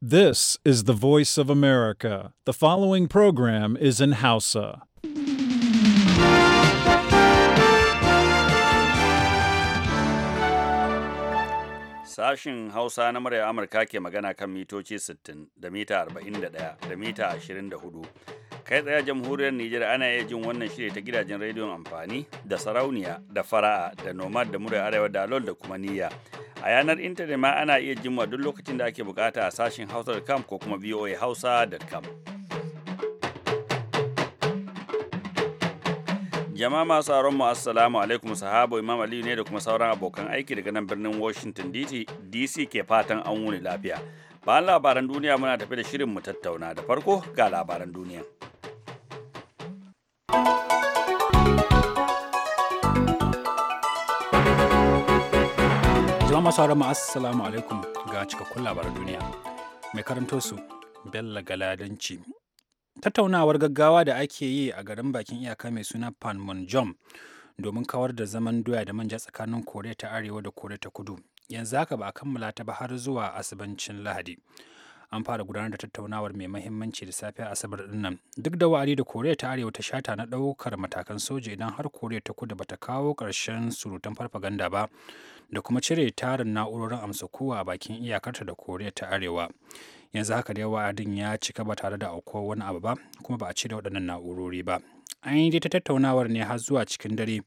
This is the voice of America. The following program is in Hausa. Sashin Hausa na murya Amurka ke magana kan mitoci 60 da mita 41 da mita 24 kai tsaye jamhuriyar Nijar ana iya jin wannan shirya ta gidajen rediyon amfani da sarauniya da fara'a da nomad da murar arewa da alol da kuma niyya. A yanar intanet ma ana iya jin duk lokacin da ake bukata a sashen hausa.com ko kuma voahausa.com. jama'a masu aron mu assalamu alaikum sahabo imam aliyu ne da kuma sauran abokan aiki daga nan birnin washington dc ke fatan an wuni lafiya bayan labaran duniya muna tafi da shirin mu tattauna da farko ga labaran duniya Jama'a sauran assalamu alaikum ga cikakkun labaran duniya. Mai karanto su Bello Galadanci. Tattaunawar gaggawa da ake yi a garin bakin iyaka mai suna Panmunjom domin kawar da zaman doya da manja tsakanin Koriya ta Arewa da Koriya ta Kudu. Yanzu haka ba a kammala ta ba har zuwa asibancin Lahadi. an fara gudanar da tattaunawar mai mahimmanci da safiya asabar dinnan duk da wa'adi da koriya ta arewa ta shata na ɗaukar matakan soja idan har koriya ta kudu bata kawo ƙarshen surutan farfaganda ba da kuma cire tarin na'urorin amsakuwa a bakin iyakarta da koriya ta arewa yanzu haka dai wa'adin ya cika ba tare da aukuwar wani abu ba kuma ba a cire waɗannan na'urori ba an yi ta tattaunawar ne har zuwa cikin dare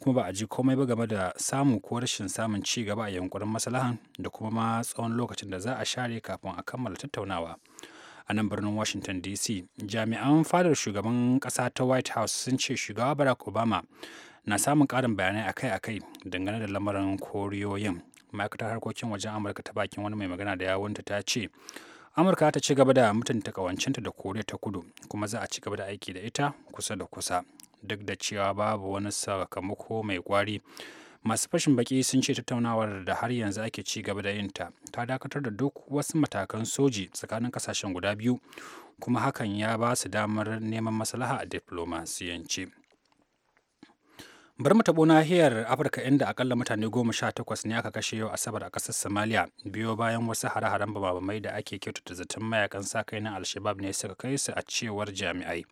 kuma ba a ji komai ba game da samun ko rashin samun ci gaba a yankunan maslahan da kuma ma tsawon lokacin da za a share kafin a kammala tattaunawa a nan birnin washington dc jami'an fadar shugaban kasa ta white house sun ce shugaba barack obama na samun karin bayanai akai-akai dangane da lamarin koriyoyin ma'aikatar harkokin wajen amurka ta bakin wani mai magana da yawunta ta ce amurka ta ci gaba da mutunta kawancinta da koriya ta kudu kuma za a ci gaba da aiki da ita kusa da kusa duk da cewa babu wani sakamako mai kwari masu fashin baki sun ce tattaunawar da har yanzu ake ci gaba da yinta ta dakatar da duk wasu matakan soji tsakanin kasashen guda biyu kuma hakan ya ba su damar neman maslaha a diflomasiyance bar mu nahiyar afirka inda akalla mutane goma sha takwas ne aka kashe yau asabar a ƙasar somalia biyo bayan wasu hare-haren bababamai da ake kyautata zaton mayakan sa kai na alshabab ne suka kai su a cewar jami'ai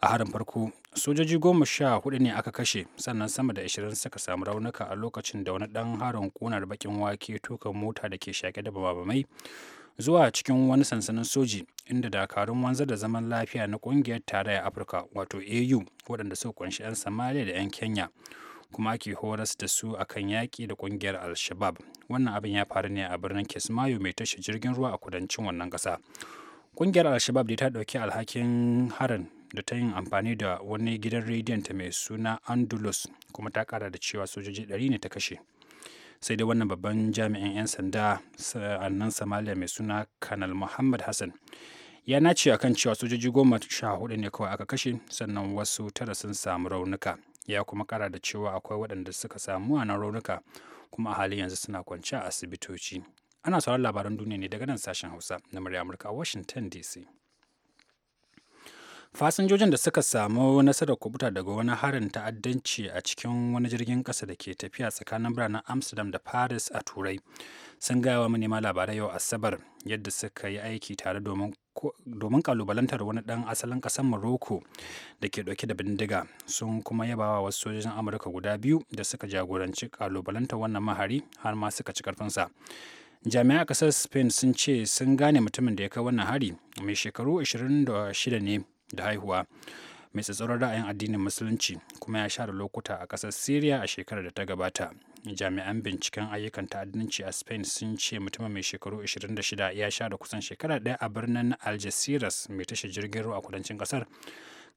a harin farko sojoji goma sha hudu ne aka kashe sannan sama da ashirin suka samu raunuka a lokacin da wani dan harin kunar bakin wake tukan mota da ke shaƙe da babamai zuwa cikin wani sansanin soji inda dakarun wanzar da zaman lafiya na kungiyar tarayyar afirka wato au waɗanda suka kunshi 'yan somalia da 'yan kenya kuma ake horas da su akan yaƙi da ƙungiyar al-shabab wannan abin ya faru ne a birnin kismayo mai tashi jirgin ruwa a kudancin wannan ƙasa ƙungiyar al-shabab da ta ɗauki alhakin harin da ta yin amfani da wani gidan rediyon ta mai suna andalus kuma ta kara da cewa sojoji 100 ne ta kashe sai dai wannan babban jami'in 'yan sanda a nan somalia mai suna kanal muhammad hassan ya nace a kan cewa sojoji goma sha hudu ne kawai aka kashe sannan wasu tara sun samu raunuka ya kuma kara da cewa akwai waɗanda suka samu a nan raunuka kuma a halin yanzu suna kwance a asibitoci ana sauran labaran duniya ne daga nan sashen hausa na murya amurka a washington dc fasinjojin da suka samu nasarar kubuta daga wani harin ta'addanci a cikin wani jirgin ƙasa da ke tafiya tsakanin biranen amsterdam da paris a turai sun gaya wa manema labarai yau asabar yadda suka yi aiki tare domin kalubalantar wani dan asalin kasar Morocco da ke dauke da bindiga sun kuma yabawa wasu sojojin Amurka guda biyu da suka jagoranci kalubalantar wannan mahari har ma suka ci karfinsa. Jami'a kasar Spain sun ce sun gane mutumin da ya kai wannan hari mai shekaru 26 ne da haihuwa mai tsatsauran ra'ayin addinin musulunci kuma ya share lokuta a ƙasar syria a shekarar da ta gabata jami'an binciken ayyukan ta'addanci a spain sun ce mutumin mai shekaru 26 ya sha da kusan shekara ɗaya a birnin algeciras mai tashi jirgin ruwa a kudancin ƙasar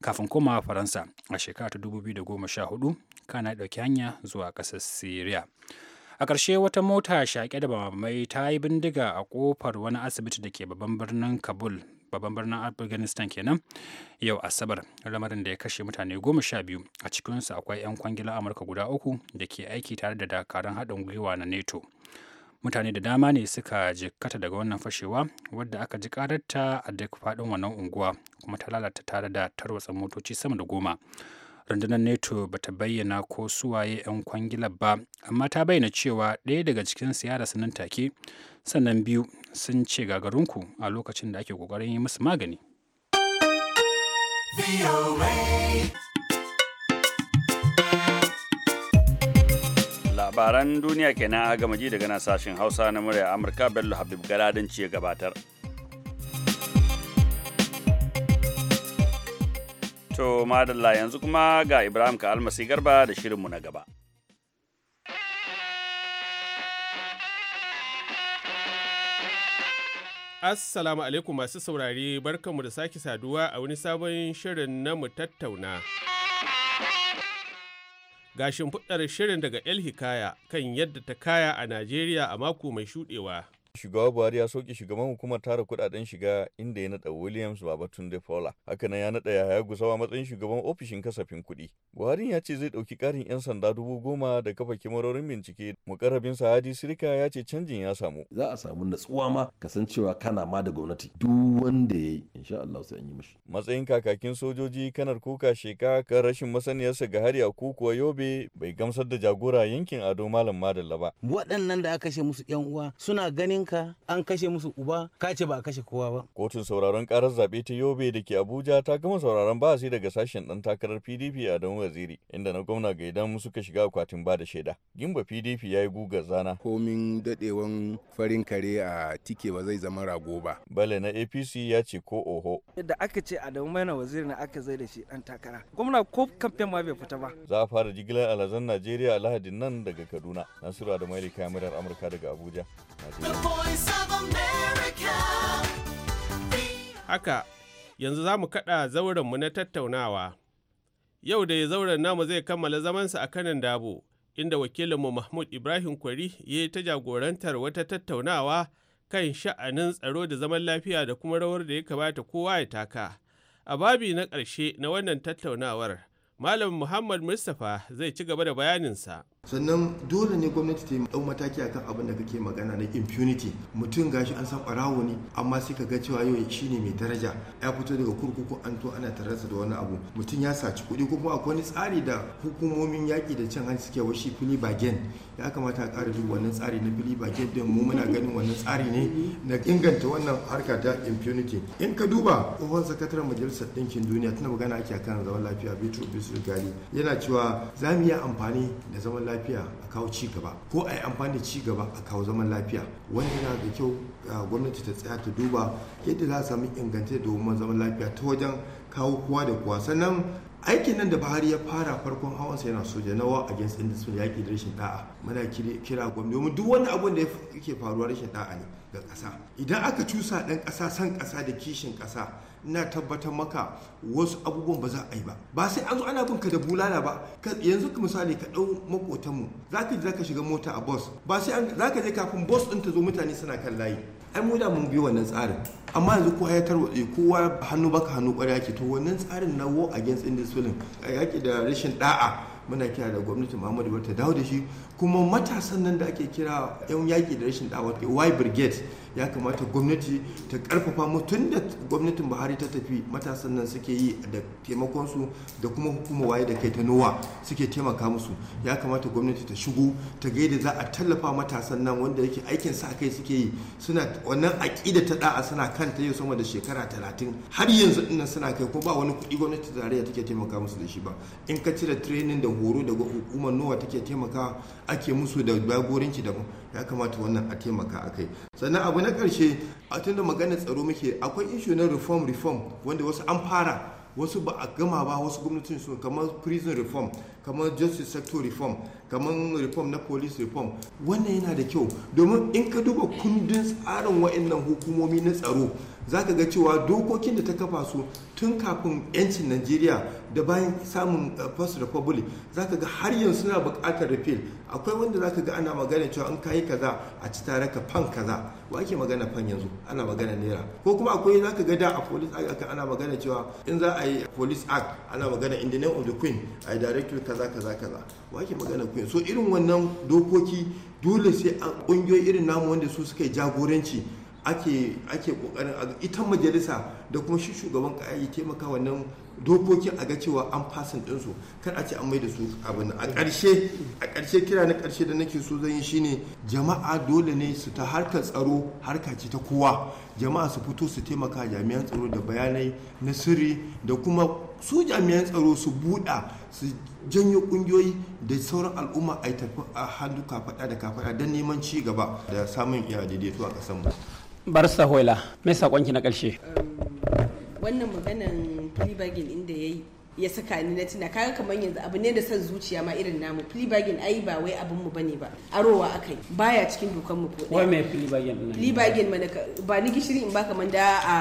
kafin komawa faransa a shekara ta 2014 kana ɗauki hanya zuwa ƙasar syria a ƙarshe wata mota shaƙe da bamamai ta yi bindiga a ƙofar wani asibiti da ke babban birnin kabul babban birnin afghanistan kenan yau asabar lamarin da ya kashe mutane goma sha biyu a cikinsu akwai 'yan kwangilan amurka guda uku da ke aiki tare da dakarun haɗin gwiwa na nato mutane da dama ne suka jikkata daga wannan fashewa wadda aka ji karatta a duk faɗin wannan unguwa kuma ta lalata tare da tarwatsa motoci sama da goma rundunar NETO ba ta bayyana ko suwaye 'yan kwangilar ba amma ta bayyana cewa ɗaya daga cikin ya rasu nan take sannan biyu sun ce gagarunku a lokacin da ake kokarin yi musu magani. Labaran duniya kenan a gamaji daga na sashen Hausa na murya Amurka Bello Habib Galadin ce gabatar. To madalla yanzu kuma ga Ibrahim ka almasi garba da shirinmu na gaba. Assalamu alaikum masu saurare barkanmu da sake saduwa a wani sabon shirin na mu tattauna. Ga shimfiɗar shirin daga El Hikaya kan yadda ta kaya a Najeriya a mako mai shuɗewa. Shugaba Buhari ya soke shugaban hukumar tara kudaden shiga inda ya nada Williams Babatunde Fola. Hakanan ya nada Yahaya Gusawa matsayin shugaban ofishin kasafin kuɗi. Buhari ya ce zai ɗauki ƙarin 'yan sanda dubu goma da kafa kimarorin bincike. sa Sa'adi Sirika ya ce canjin ya samu. Za a samu natsuwa ma kasancewa kana ma da gwamnati duk wanda ya yi insha Allah sai an yi mishi. Matsayin kakakin sojoji kanar kuka sheka kan rashin masaniyarsa ga hari a kukuwa yobe bai gamsar da jagora yankin Ado Malam Madalla ba. Waɗannan da aka ce musu 'yan uwa suna ganin 'ya'yanka an kashe musu uba ka ce ba a kashe kowa ba. Kotun sauraron karar zaɓe ta Yobe da ke Abuja ta gama sauraron bahasi daga sashen ɗan takarar PDP Adamu Waziri inda na gwamna ga Gaidan suka shiga akwatin ba da shaida. Gimba PDP ya yi guga zana. Komin daɗewan farin kare a tike ba zai zama rago ba. Bale na APC ya ce ko oho. Yadda aka ce Adamu Maina Waziri na aka zai da shi ɗan takara. Gwamna ko kamfen ma bai fita ba. Za a fara jigilar alazan Najeriya Alhadin nan daga Kaduna. Nasiru Adamu Ali kamarar Amurka daga Abuja. Najeriya. Haka, yanzu za mu kaɗa zaurenmu na tattaunawa. Yau da ya zauren namu zai kammala zamansa a kanan dabo, inda wakilinmu Mahmud Ibrahim Kwari ya yi ta jagorantar wata tattaunawa kan sha'anin tsaro da zaman lafiya da kuma rawar da ya kamata kowa ya taka. A babi na ƙarshe na wannan tattaunawar, Malam Muhammad Mustapha zai ci gaba da bayaninsa. sannan dole ne gwamnati ta yi ɗau mataki akan abin da kake magana na impunity mutum gashi an san ɓarawo ne amma sai ka ga cewa yau shi ne mai daraja ya fito daga kurkuku an to ana tararsa da wani abu mutum ya saci kuɗi kuma akwai wani tsari da hukumomin yaƙi da cin hanci suke washi fili bagen ya kamata a ƙara duk wannan tsari na fili bagen don mu muna ganin wannan tsari ne na inganta wannan harka ta impunity in ka duba tsohon sakataren majalisar ɗinkin duniya tana magana ake kan zaman lafiya bitrus gali yana cewa za mu yi amfani da zaman lafiya lafiya a kawo ci ko a yi amfani da ci gaba a kawo zaman lafiya wanda yana da kyau ah, gwamnati ta tsaya ta duba yadda za a sami inganta domin zaman lafiya ta wajen kawo kowa da kowa sannan aikin nan da bahari ya fara farkon hawan sa yana soja nawa a against inda sun yaƙi da rashin da'a muna kira gwamnati domin duk wani abun da ya ke faruwa rashin da'a ne ga ƙasa idan aka cusa ɗan ƙasa san ƙasa da kishin ƙasa ina tabbatar maka wasu abubuwan ba za a yi ba ba sai an zo ana bin ka da bulala ba yanzu ka misali ka ɗau makotanmu za ka je ka shiga mota a bus ba sai za ka je kafin bus ɗin ta zo mutane suna kan layi ai mu da mun biyo wannan tsarin amma yanzu kowa ya tarwatse eh, kowa hannu baka hannu kwarya ke to wannan tsarin na war against indiscipline yaki da rashin ɗa'a. muna kira da gwamnati muhammadu bari ta dawo da shi kuma matasan nan da ake kira yan yaƙi da rashin dawa y brigade ya kamata gwamnati ta karfafa mutum da gwamnatin buhari ta tafi matasan nan suke yi da taimakonsu da kuma hukuma waye da kai ta nowa suke taimaka musu ya kamata gwamnati ta shigo ta gaida za a tallafa matasan nan wanda yake aikin sa kai suke yi suna wannan aƙida ta da'a suna kan ta yau sama da shekara talatin har yanzu ina suna kai ko ba wani kuɗi gwamnati tarayya take taimaka musu da shi ba in ka cire training da horo daga hukumar nowa take taimaka ake musu da jagoranci daban ya kamata wannan a taimaka a kai sannan abu na karshe a da maganar tsaro muke akwai ishu na reform reform wanda wasu an fara wasu ba a gama ba wasu gwamnatin su kamar prison reform kamar justice sector reform kamar reform na police reform wannan yana da kyau domin in ka duba kundin tsarin wa'annan hukumomi na tsaro za ka ga cewa dokokin da ta kafa su tun kafin 'yancin najeriya da bayan samun eh, first republic za ka ga har yanzu suna buƙatar repeal akwai wanda za ka ga ana magana cewa an kayi kaza a ci tare ka fan kaza wa ake magana fan yanzu ana magana naira ko kuma akwai za ka ga da a police act ana magana cewa in za a yi police act ana magana in the name of the queen a yi director kaza kaza kaza wa ake magana queen so irin wannan dokoki dole sai a ƙungiyoyi irin namu wanda su suka yi jagoranci ake kokarin kokarin ita majalisa da kuma shi shugaban kaya ya taimaka wannan dokokin a ga cewa an fasan ɗinsu kar a ce an maida su abin a ƙarshe a ƙarshe kira na ƙarshe da nake so zan yi shine jama'a dole ne su ta harkar tsaro harka ce ta kowa jama'a su fito su taimaka jami'an tsaro da bayanai na sirri da kuma su jami'an tsaro su buɗa su janyo ƙungiyoyi da sauran al'umma a yi tafi a hannu kafaɗa da kafaɗa don neman ci gaba da samun iya daidaito a ƙasar mu barsa hoila mai sakonki na karshe um, wannan maganan plibagin inda ya yayi ya saka ni na tuna kaga kamar yanzu abu ne da son zuciya ma irin namu plibagin ai ba wai abin mu bane ba arowa akai baya cikin dokan mu ko wai mai plibagin bargain mana ba ni gishiri in baka manda a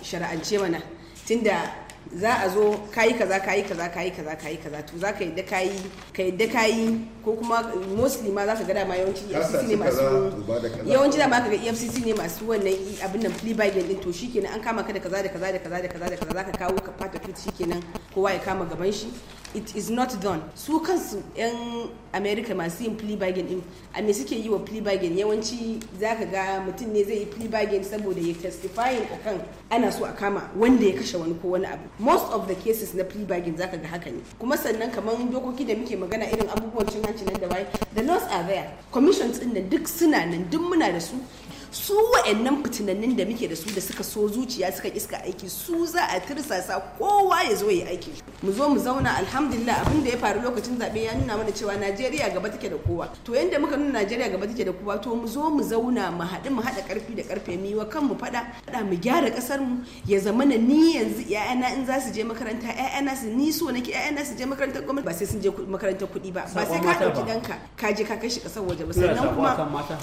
shar'ance mana tunda za a zo kayi kaza kayi kaza kayi kaza kayi kaza to za ka yadda kayi ka da kayi ko kuma mostly ma za ka ga ma yawanci EFCC ne masu yawanci da ma ka ga EFCC ne masu wannan e, abin nan plea bargain din to shikenan an kama ka da kaza da kaza da kaza da kaza da kaza za ka kawo ka fata fit shikenan kowa ya kama gaban shi it is not done su kansu 'yan america masu yin plea bargain din a me suke yi wa plea bargain yawanci zaka ga mutum ne zai yi plea bargain saboda ya testifying akan ana so a kama wanda ya kashe wani ko wani abu most of the cases na plea bargain zaka ga haka ne kuma sannan kamar dokoki da muke magana irin abubuwan cin hanci nan da waye the laws are there commissions din nan duk suna nan duk muna da su su wa'annan fitinannin da muke da su da suka so zuciya suka iska aiki su za a tirsasa kowa ya zo ya aiki mu zo mu zauna alhamdulillah abin da ya faru lokacin zaɓe ya nuna mana cewa najeriya gaba take da kowa to yanda muka nuna najeriya gaba take da kowa to mu zo mu zauna mu haɗu mu haɗa ƙarfi da ƙarfe mu yi wa kanmu faɗa faɗa mu gyara ƙasar mu ya zamana ni yanzu ƴaƴana in za su je makaranta ƴaƴana su ni so nake ƴaƴana su je makarantar gwamnati ba sai sun je makarantar kuɗi ba ba sai ka ɗauki ɗanka ka je ka kai shi ƙasar waje ba sannan kuma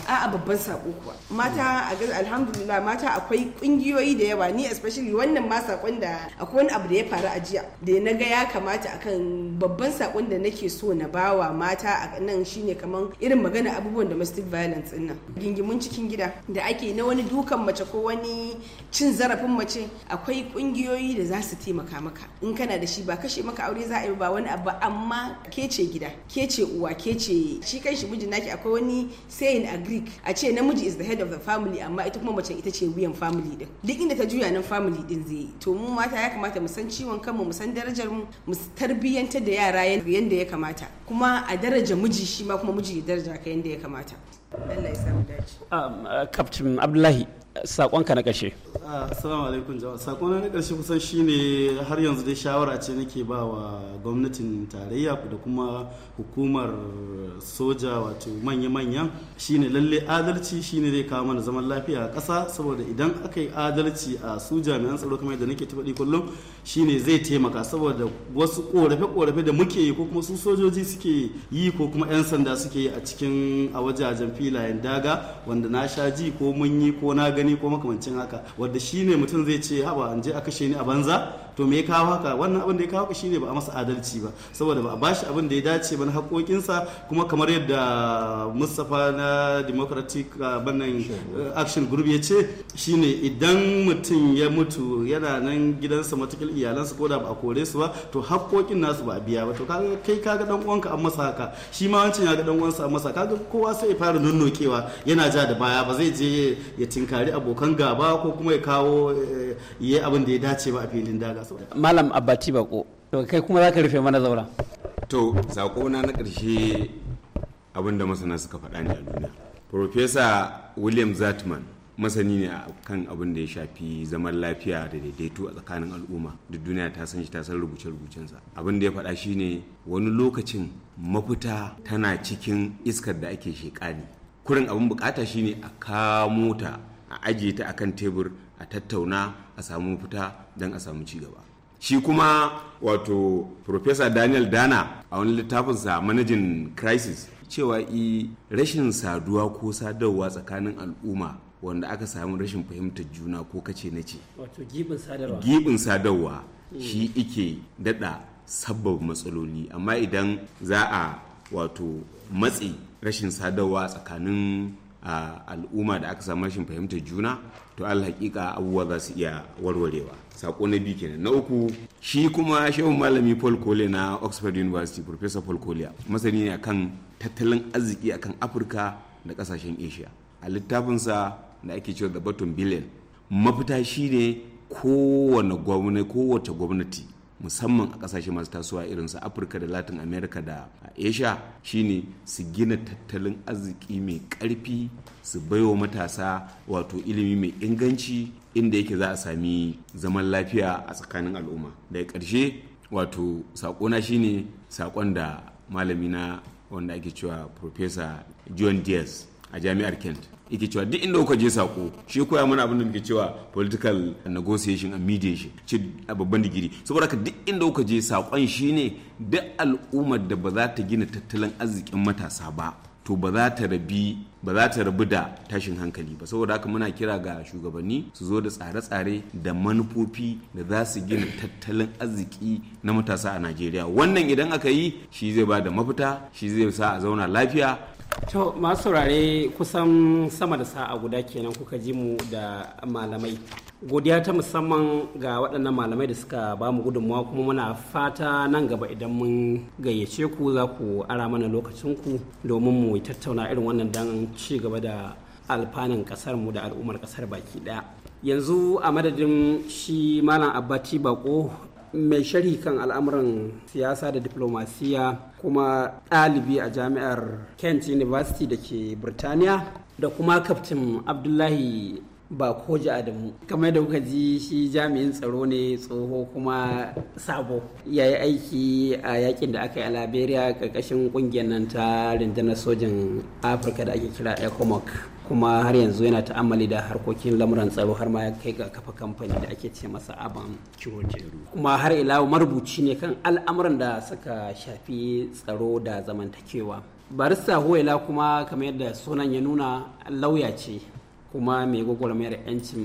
a'a babban saƙo kuwa mata mata a gaza alhamdulillah mata akwai kungiyoyi da yawa ni especially wannan ma sakon da akwai wani abu da ya faru a jiya da na ga ya kamata akan babban sakon da nake so na bawa mata a nan shine kaman irin magana abubuwan domestic violence din nan gingimin cikin gida da ake na wani dukan mace ko wani cin zarafin mace akwai kungiyoyi da za su taimaka maka in kana da shi ba kashe maka aure za a yi ba wani abu amma ke ce gida ke ce uwa ke ce shi kan shi miji naki akwai wani saying a greek a ce namiji is the head of the family family amma ita kuma mace ita ce wuyan family din duk inda ta juya nan family din zai yi to mu mata ya kamata mu san ciwon kanmu mu san darajar mu mu tarbiyyantar da yara yanda ya kamata kuma a daraja miji shi ma kuma miji ya daraja ka yanda ya kamata Allah ya samu dace um, uh, captain abdullahi sakonka na ƙarshe. Ah, assalamu alaikum jama'a. Sakona na ƙarshe kusan shine har yanzu dai shawara ce nake ba wa gwamnatin tarayya da kuma hukumar soja wato manya-manyan shine lalle adalci shine zai kawo mana zaman lafiya a ƙasa saboda idan aka yi adalci a su jami'an tsaro kamar yadda nake taɓa kullum shine zai taimaka saboda wasu ƙorafe-ƙorafe da muke yi ko kuma su sojoji suke yi ko kuma 'yan sanda suke yi a cikin a wajajen filayen daga wanda na sha ji ko mun yi ko na ga gani ko makamancin haka wanda ne mutum zai ce haba an je a kashe ni a banza to me ya kawo haka wannan abin da ya kawo haka shine ba a masa adalci ba saboda ba a bashi abin da ya dace ba na haƙoƙinsa kuma kamar yadda Mustapha na Democratic ah, bannan Action Group ya ce shine idan mutum ya mutu yana nan gidansa matakil iyalansa ko da ba a kore su ba to haƙoƙin nasu ba a biya ba to kai kaga dan uwanka an masa haka shi ma wancan ya ga dan uwansa an masa kaga kowa sai ya fara nunnokewa yana ja da baya ba zai je ya tinkari abokan gaba ko kuma ya kawo eh, ya abin da ya dace ba a filin daga malam abati bako to kai kuma za rufe mana zaura to sako na na ƙarshe abinda masana suka faɗa ne a duniya Profesa william zatman masani ne kan abin da ya shafi zaman lafiya da daidaito a tsakanin al'umma da duniya ta san shi ta san rubuce-rubucensa abin da ya faɗa shine wani lokacin mafita tana cikin iskar da ake sheƙa kurin abin bukata shine a kamo ta a ajiye ta akan tebur a tattauna a samu fita don a samu cigaba shi kuma wato professor daniel dana a wani littafinsa managing crisis cewa i rashin saduwa ko sadarwa tsakanin al'umma wanda aka samu rashin fahimtar juna ko kace na ce wato gibin sadarwa gibin sadarwa hmm. shi ike dada sabbab matsaloli amma idan za a wato matsi rashin sadarwa tsakanin al'umma da aka samu rashin fahimtar juna to alhaƙiƙa abubuwa za su iya warwarewa sako na biyu kenan na uku shi kuma shehu malami paul kole na oxford university professor paul kole masani ne akan tattalin arziki akan afirka da kasashen asia a sa da ake cewa the bottom billion mafita shi kowane gwamnati kowace gwamnati musamman a kasashe masu tasowa irin su afirka da latin america da asia shine su gina tattalin arziki mai karfi su baiwa matasa wato ilimi mai inganci inda yake za a sami zaman lafiya a tsakanin al'umma daga ƙarshe wato saƙona shine saƙon da malami na wanda ake cewa professor john diaz a jami'ar kent yake cewa duk inda kuka je sako shi koya mana abin da muke cewa political negotiation and mediation ce a babban digiri saboda ka duk inda kuka je sakon ne duk al'ummar da ba za ta gina tattalin arzikin matasa ba to ba za ta rabi ba za ta rabu da tashin hankali ba saboda haka muna kira ga shugabanni su zo da tsare-tsare da manufofi da za su gina tattalin arziki na matasa a najeriya wannan idan aka yi shi zai ba da mafita shi zai sa a zauna lafiya To masu saurare kusan sama da sa'a guda kenan kuka ji mu da malamai. Godiya ta musamman ga waɗannan malamai da suka ba mu gudunmawa kuma muna fata nan gaba idan mun gayyace ku za ku ara mana lokacinku domin mu yi tattauna irin wannan dan ci gaba da alfanin ƙasar mu da al'ummar ƙasar baki ɗaya. Yanzu a madadin shi Malam Abbati Tibako mai sharhi kan al'amuran siyasa da diplomasiya kuma ɗalibi a jami'ar kent university da ke birtaniya da kuma kaftin abdullahi ba koja adamu kamar da kuka ji shi jami'in tsaro ne tsoho kuma sabo ya yi aiki a yakin da aka yi a liberia karkashin kungiyar nan ta rundunar sojin afirka da ake kira ecomoc kuma har yanzu yana ta'ammali da harkokin lamuran tsaro har ma ya kai ga kafa kamfani da ake ce masa aban jeru. kuma har ila marubuci ne kan al'amuran da suka shafi tsaro da zamantakewa barista huwaila kuma kamar yadda sunan ya nuna lauya ce kuma mai gwagwarmayar 'yancin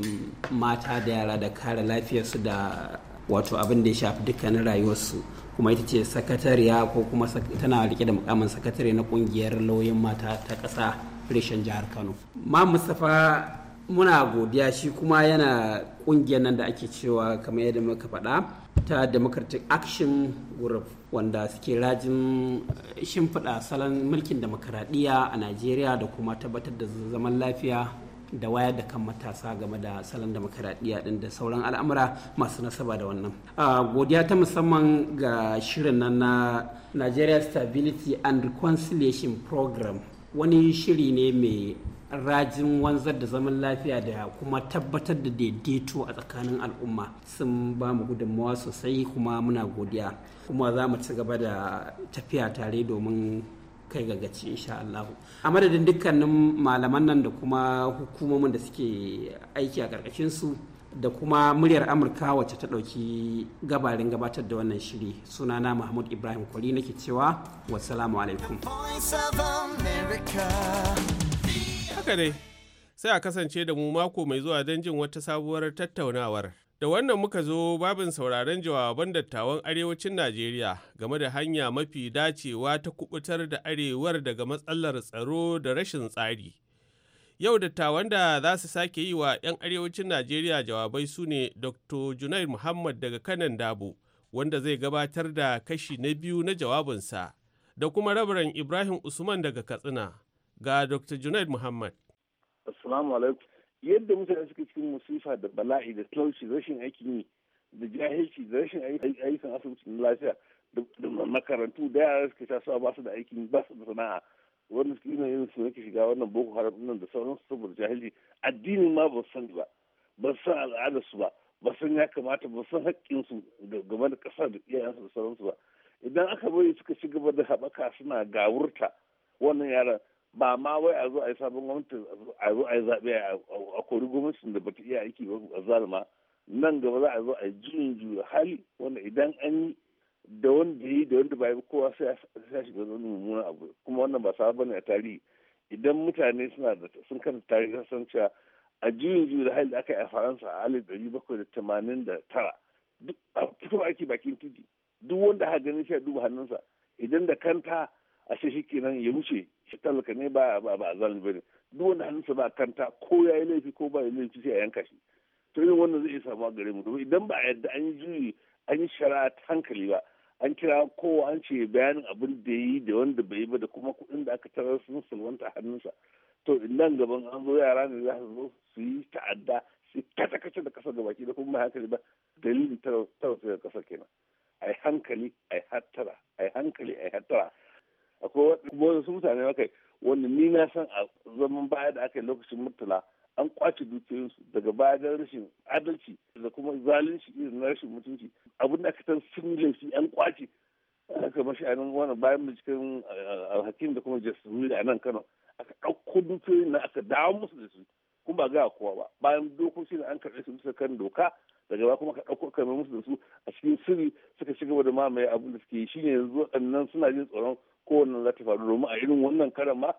mata da yara da kare lafiyarsu da wato abin da ya shafi dukkanin rayuwarsu kuma ita ce sakatariya ko kuma tana rike da mukamin sakatare na kungiyar lauyin mata ta ƙasa reshen jihar kano ma mustapha muna godiya shi kuma yana kungiyar nan da ake cewa kamar yadda muka faɗa ta democratic action group wanda suke rajin eh, shimfiɗa salon mulkin demokaradiyya a najeriya da kuma tabbatar da zaman lafiya da wayar da kan matasa game da salon demokaradiyya din da sauran al'amura masu nasaba da wannan godiya ta musamman ga shirin nan na nigeria stability and reconciliation program wani shiri ne mai rajin wanzar da zaman lafiya da kuma tabbatar da daidaito a tsakanin al'umma sun ba mu gudunmawa sosai kuma muna godiya kuma za mu ci gaba da tafiya tare domin kai ga gaci insha Allah a madadin dukkanin malaman nan da kuma hukumomin da suke aiki a karkashin su da kuma muryar Amurka wacce ta dauki gabarin gabatar da wannan shiri sunana Mahmud Ibrahim Kwari nake cewa wassalamu alaikum haka dai sai a kasance da mu mako mai zuwa don jin wata sabuwar tattaunawar Da wannan muka zo babin sauraron jawaban dattawan arewacin Najeriya game da hanya mafi dacewa ta kubutar da arewar daga matsalar tsaro da rashin tsari. Yau dattawan da za su sake yi wa 'yan arewacin Najeriya jawabai su ne Dr. Junaid Muhammad daga kanan Dabo, wanda zai gabatar da kashi na biyu na jawabinsa, da kuma rabaran Ibrahim Usman daga Katsina. Ga Dr. Junaid Muhammad. Assalamu alaikum. yadda mutane suke cikin musifa da bala'i da talauci rashin aikin yi da jahilci da rashin aikin asibiti na lafiya da makarantu da yara suke sa ba su da aikin ba su da sana'a wanda suke yin yin su shiga wannan boko haram nan da sauran saboda jahilci addinin ma ba su sani ba ba su san al'adar su ba ba san ya kamata ba san haƙƙin su game da ƙasa da iyayensu da sauransu ba idan aka bari suka ci gaba da haɓaka suna gawurta wannan yaran ba ma wai a zo a yi sabon gwamnati a zo a yi zaɓe a kori gwamnatin da bata iya aiki ba a zalima nan gaba za a zo a juyin juya hali wanda idan an yi da wanda yi da wanda ba yi kowa sai ya shiga wani mummuna abu kuma wannan ba sabon ne a tarihi idan mutane suna da sun kan tarihi san cewa a juyin juya hali da aka yi a faransa a alif dari bakwai da tamanin da tara duk a fito aiki bakin titi duk wanda ha ganin shi a duba hannunsa idan da kanta a shi kenan ya wuce shi talaka ne ba ba ba zalibi ne duk wanda hannunsa ba kanta ko ya yi laifi ko ba ya laifi sai a yanka shi to yin wannan zai iya a gare mu domin idan ba a yadda an yi juyi an yi shari'a ta hankali ba an kira kowa an ce bayanin abin da ya yi da wanda bai yi ba da kuma kuɗin da aka tarar sun sulwanta hannunsa to nan gaban an zo yara ne za su zo su yi ta'adda su kasa kace da ƙasar gabaki da kuma hankali ba dalilin tara da kasar kenan ai hankali ai hattara ai hankali ai hattara akwai wasu mutane aka wanda ni na san a zaman baya da aka yi lokacin murtala an kwace su daga baya da rashin adalci da kuma zalunci irin na rashin mutunci abin da aka san sun laifi an kwace aka mashi a nan wani bayan binciken eh, alhakim da kuma jasuri a nan kano aka ɗauko dukiyoyin na aka dawo musu da su kuma ba ga kowa ba bayan dokoki da an karɓe su bisa kan doka daga ba kuma ka ɗauko kamar musu da su a cikin sirri suka ci gaba da mamaye abin da suke yi shine yanzu waɗannan suna jin tsoron kowanne za ta faru domin a irin wannan karan ma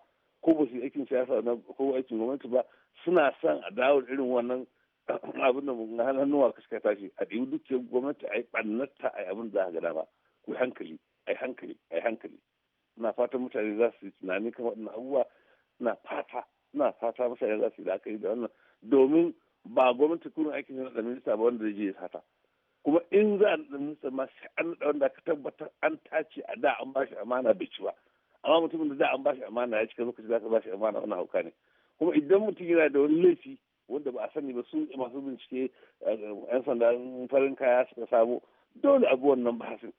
ko ba su yi aikin siyasa na ko aikin gwamnati ba suna son a dawo irin wannan abin da mun hannuwa ka suka tashi a ɗiyu dukiyar gwamnati a yi ɓannarta a yi abin da ga dama ku hankali a yi hankali a yi hankali na fatan mutane za su yi tunani kan waɗannan abubuwa na fata na fata mutane za su yi la'akari da wannan domin ba gwamnati kurin aikin da minista ba wanda zai je ya sata kuma in za a da minista ma sai an naɗa wanda ka tabbatar an tace a da an bashi amana bai ci ba amma mutumin da za an bashi amana ya cika lokaci za ka bashi amana wani hauka ne kuma idan mutum yana da wani laifi wanda ba a sani ba sun masu bincike eh, yan sanda farin kaya suka samu dole abu wannan bahasin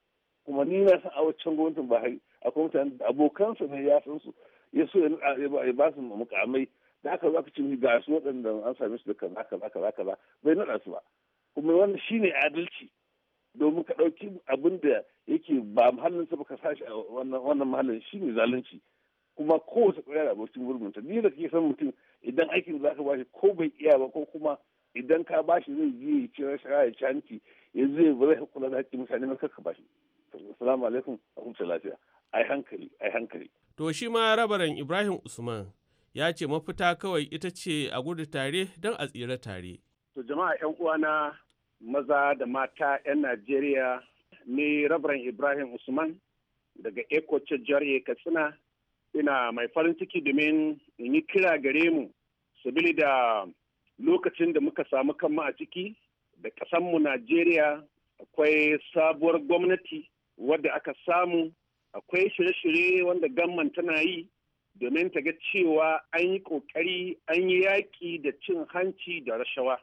kuma ni na san a wancan gwamnatin bahari akwai mutane da abokansa ne ya san su ya so ya ba su mukamai da aka zo ka ci ga su waɗanda an same su da kaza kaza kaza kaza bai naɗa su ba kuma wannan shine adalci domin ka ɗauki abin da yake ba mahallinsa ba ka sashi a wannan mahallin shine zalunci kuma kowace ƙwayar abokin gurbinta ni da kake san mutum idan aikin za ka bashi ko bai iya ba ko kuma idan ka bashi zai je ya ci rashin ya ci hanci ya zai ba zai kula da hakkin mutane ba ka bashi salamu alaikum a kuma lafiya ai hankali ai hankali to shi ma rabaran ibrahim usman ya ce mafita kawai ita ce a gudu tare don a tsira tare to jama'a yan uwa na. maza da mata 'yan Najeriya ni Rabran Ibrahim Usman daga Eko Jariye Katsina ina mai farin ciki domin in yi kira gare mu sabili da lokacin da muka samu kanmu a ciki da ƙasanmu Najeriya akwai sabuwar gwamnati wadda aka samu akwai shirye-shirye wanda gamman tana yi domin ta ga cewa an yi ƙoƙari an yi yaƙi da cin hanci da rashawa.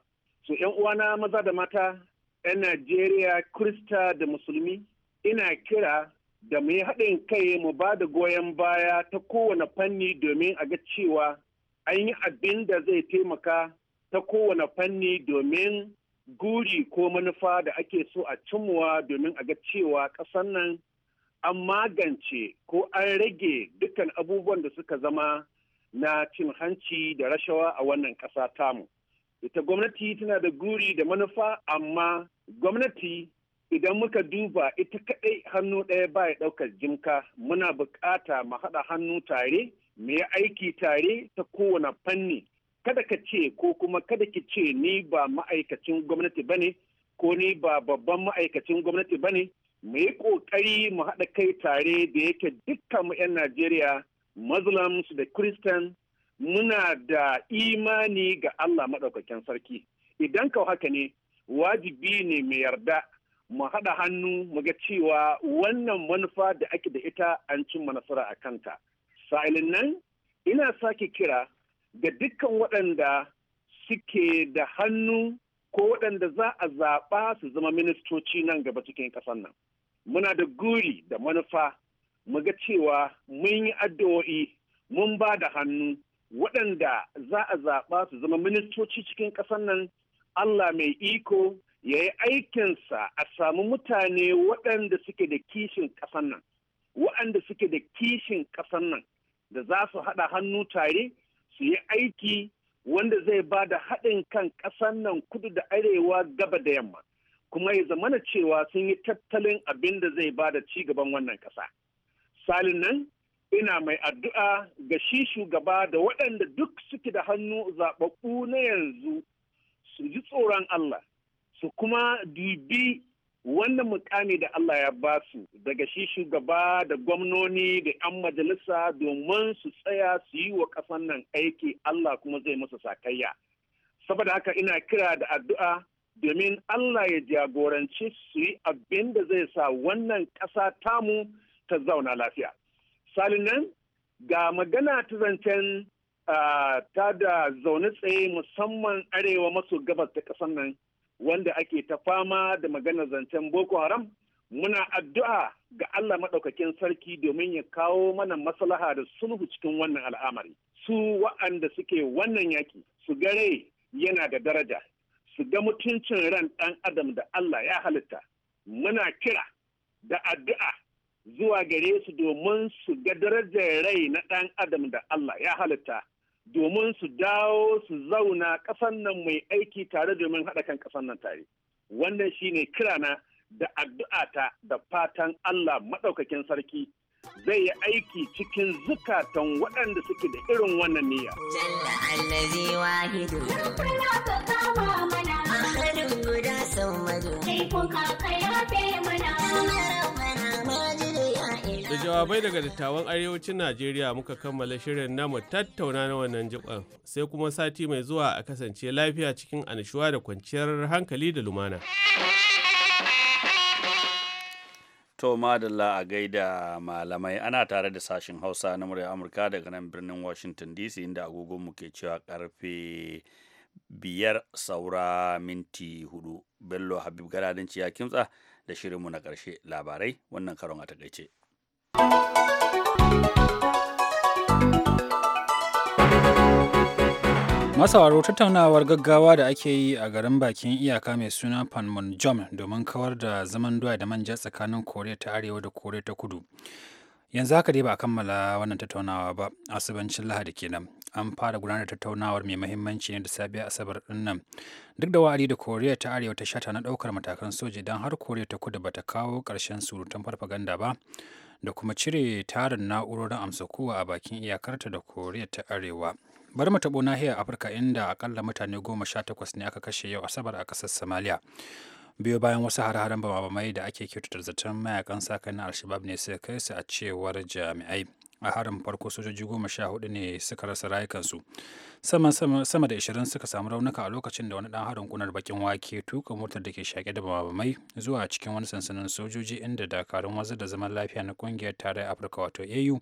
so yan uwana maza da mata yan najeriya krista da musulmi ina kira da mu yi haɗin kai mu ba da goyon baya ta kowane fanni domin a ga cewa an yi abin da zai taimaka ta kowane fanni domin guri ko manufa da ake so a cimuwa domin a ga cewa ƙasar nan an magance ko an rage dukkan abubuwan da suka zama na cin hanci da rashawa a wannan ƙasa tamu. ita gwamnati tana da guri da manufa amma gwamnati idan muka duba ita kaɗai hannu ɗaya baya ɗaukar jimka muna buƙata mu haɗa hannu tare mu yi aiki tare ta kowane fanni kada ka ce ko kuma kada ki ce ni ba ma'aikacin gwamnati ba ne ko ni ba babban ma'aikacin gwamnati ba ne mu yi ƙoƙari mu haɗa kai tare da yake dukkan mu 'yan najeriya muslims da christian muna da imani ga Allah maɗaukakin sarki idan kau haka ne wajibi ne mai yarda mu haɗa hannu mu ga cewa wannan manufa da ake da ita an cin nasara a kanta sa'ilin nan ina sake kira ga dukkan waɗanda suke da hannu ko waɗanda za a zaɓa su zama ministoci nan gaba cikin ƙasar nan muna da guri da manufa mu ga cewa mun yi addu'o'i mun ba da hannu waɗanda za a zaɓa su zama ministoci cikin ƙasar nan Allah mai iko ya yi aikinsa a samu mutane waɗanda suke da kishin ƙasar nan waɗanda suke da kishin ƙasar nan da za su haɗa hannu tare su yi aiki wanda zai ba da haɗin kan ƙasar nan kudu da arewa gaba da yamma kuma ya zamana cewa sun yi tattalin abin da zai ba da ci gaban wannan ƙasa. salin nan ina mai addu'a ga shi shugaba da waɗanda duk suke da hannu zaɓaɓɓu na yanzu su ji tsoron Allah su kuma dubi wannan mukami da Allah ya ba su daga shi shugaba da gwamnoni da 'yan majalisa domin su tsaya su yi wa ƙasan nan aiki Allah kuma zai masa sakayya. Saboda haka ina kira da addu'a domin Allah ya jagoranci su yi abin da zai sa wannan ƙasa tamu ta zauna lafiya. salinan ga magana ta zancen ta da zaune tsaye musamman arewa maso gabas ta ƙasar nan wanda ake ta fama da magana zancen boko haram muna addu'a ga allah maɗaukakin sarki domin ya kawo mana maslaha da sulhu cikin wannan al'amari su wa'anda suke wannan yaƙi su gare yana da daraja su ga mutuncin ran ɗan adam da allah ya halitta muna kira da addu'a zuwa gare su domin su ga darajar rai na ɗan adam da Allah ya halitta domin su dawo su zauna ƙasan nan mai aiki tare domin haɗa kan ƙasan nan tare wannan shine kirana da addu'ata da fatan Allah maɗaukakin sarki zai yi aiki cikin zukatan waɗanda suke da irin wannan niyya. Jalla allazi guda sau jawabai daga dattawan arewacin Najeriya muka kammala shirin namu tattauna na wannan jiban sai kuma sati mai zuwa a kasance lafiya cikin anishuwa da kwanciyar hankali da lumana. To madalla a gaida malamai ana tare da sashen Hausa na murya Amurka daga nan birnin Washington DC inda agogonmu ke cewa karfe biyar saura minti hudu. Bello Habib Garadanci ya kimtsa da shirinmu na karshe labarai wannan karon a takaice. masawaro tattaunawar gaggawa da ake yi a garin bakin iyaka mai suna panmunjom domin kawar da zaman doya da manja tsakanin koriya ta arewa da koriya ta kudu yanzu haka dai ba a kammala wannan tattaunawa ba asibancin lahadi kenan an fara gudanar da tattaunawar mai mahimmanci ne da sabiya asabar din nan duk da wa'adi da koriya ta arewa ta shata na daukar matakan soja don har koriya ta kudu ba ta kawo karshen surutan farfaganda ba da kuma cire tarin na'urorin amsa kowa a bakin iyakarta da koriya ta arewa bari mu taɓo nahiyar afirka inda akalla mutane goma sha takwas ne aka kashe yau asabar a ƙasar somalia biyo bayan wasu har-haren bama da ake kyautata zaton mayakan sa na alshabab ne suka kai su a cewar jami'ai a harin farko sojoji goma sha hudu ne suka rasa rayukansu sama, da ishirin suka samu raunuka a lokacin da wani dan harin kunar bakin wake tuka motar da ke shaƙe da mabamai zuwa cikin wani sansanin sojoji inda dakarun wanzu da zaman lafiya na kungiyar tarayyar afirka wato au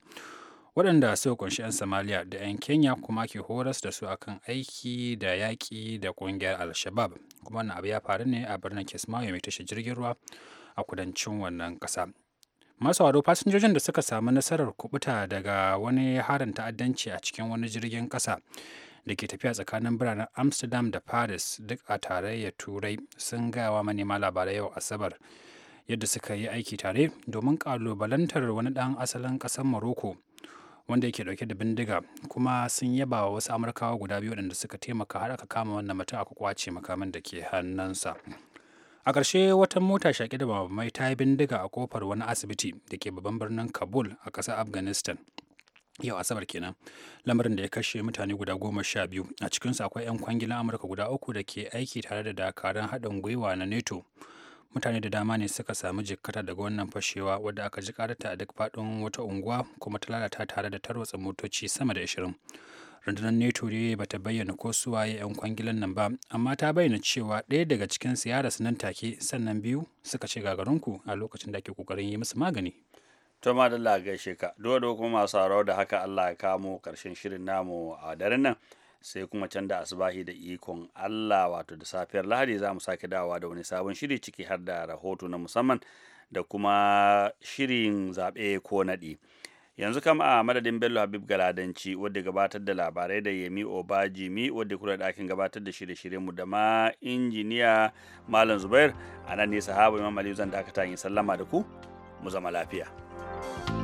waɗanda suka kunshi 'yan samaliya da 'yan kenya kuma ke horas da su akan aiki da yaƙi da ƙungiyar al-shabab kuma wannan abu ya faru ne a birnin kismayo mai tashar jirgin ruwa a kudancin wannan ƙasa masu fasinjojin da suka samu nasarar kubuta daga wani harin ta'addanci a cikin wani jirgin ƙasa da ke tafiya tsakanin biranen amsterdam da paris duk a tarayyar turai sun gawa manema labarai yau asabar yadda suka yi aiki tare domin kalubalantar wani ɗan asalin ƙasar morocco wanda yake dauke da bindiga kuma sun yaba wa wasu amurkawa guda biyu waɗanda suka taimaka har aka kama wannan mutum aka kwace makamin da ke hannunsa a ƙarshe wata mota shaƙi da mai ta yi bindiga a kofar wani asibiti da ke babban birnin kabul a ƙasar afghanistan yau asabar kenan lamarin da ya kashe mutane guda goma sha biyu a cikinsu akwai 'yan kwangilan amurka guda uku da ke aiki tare da dakarun haɗin gwiwa na neto mutane da dama ne suka samu jikkata daga wannan fashewa wadda aka ji karata a duk faɗin wata unguwa kuma ta lalata tare da tarwatsa motoci sama da ashirin rundunar neto dai bata bayyana ko suwaye 'yan kwangilan nan ba amma ta bayyana cewa ɗaya daga cikin su nan take sannan biyu suka ce ku a lokacin da ake kokarin yi musu magani to madalla gaishe ka dole kuma masu haro da haka Allah ya kamo karshen shirin namu a daren nan sai kuma can da asubahi da ikon Allah wato da safiyar Lahadi za mu sake dawowa da wani sabon shiri ciki har da rahoto na musamman da kuma shirin zaɓe ko naɗi. yanzu kam a madadin bello habib galadanci wadda gabatar da labarai da yemi obajimi wadda kula da akin gabatar da shirye-shirye mu da ma injiniya malam zubair a nan ne sahaba imam aliyu zan dakata yin sallama da ku mu zama lafiya. thank you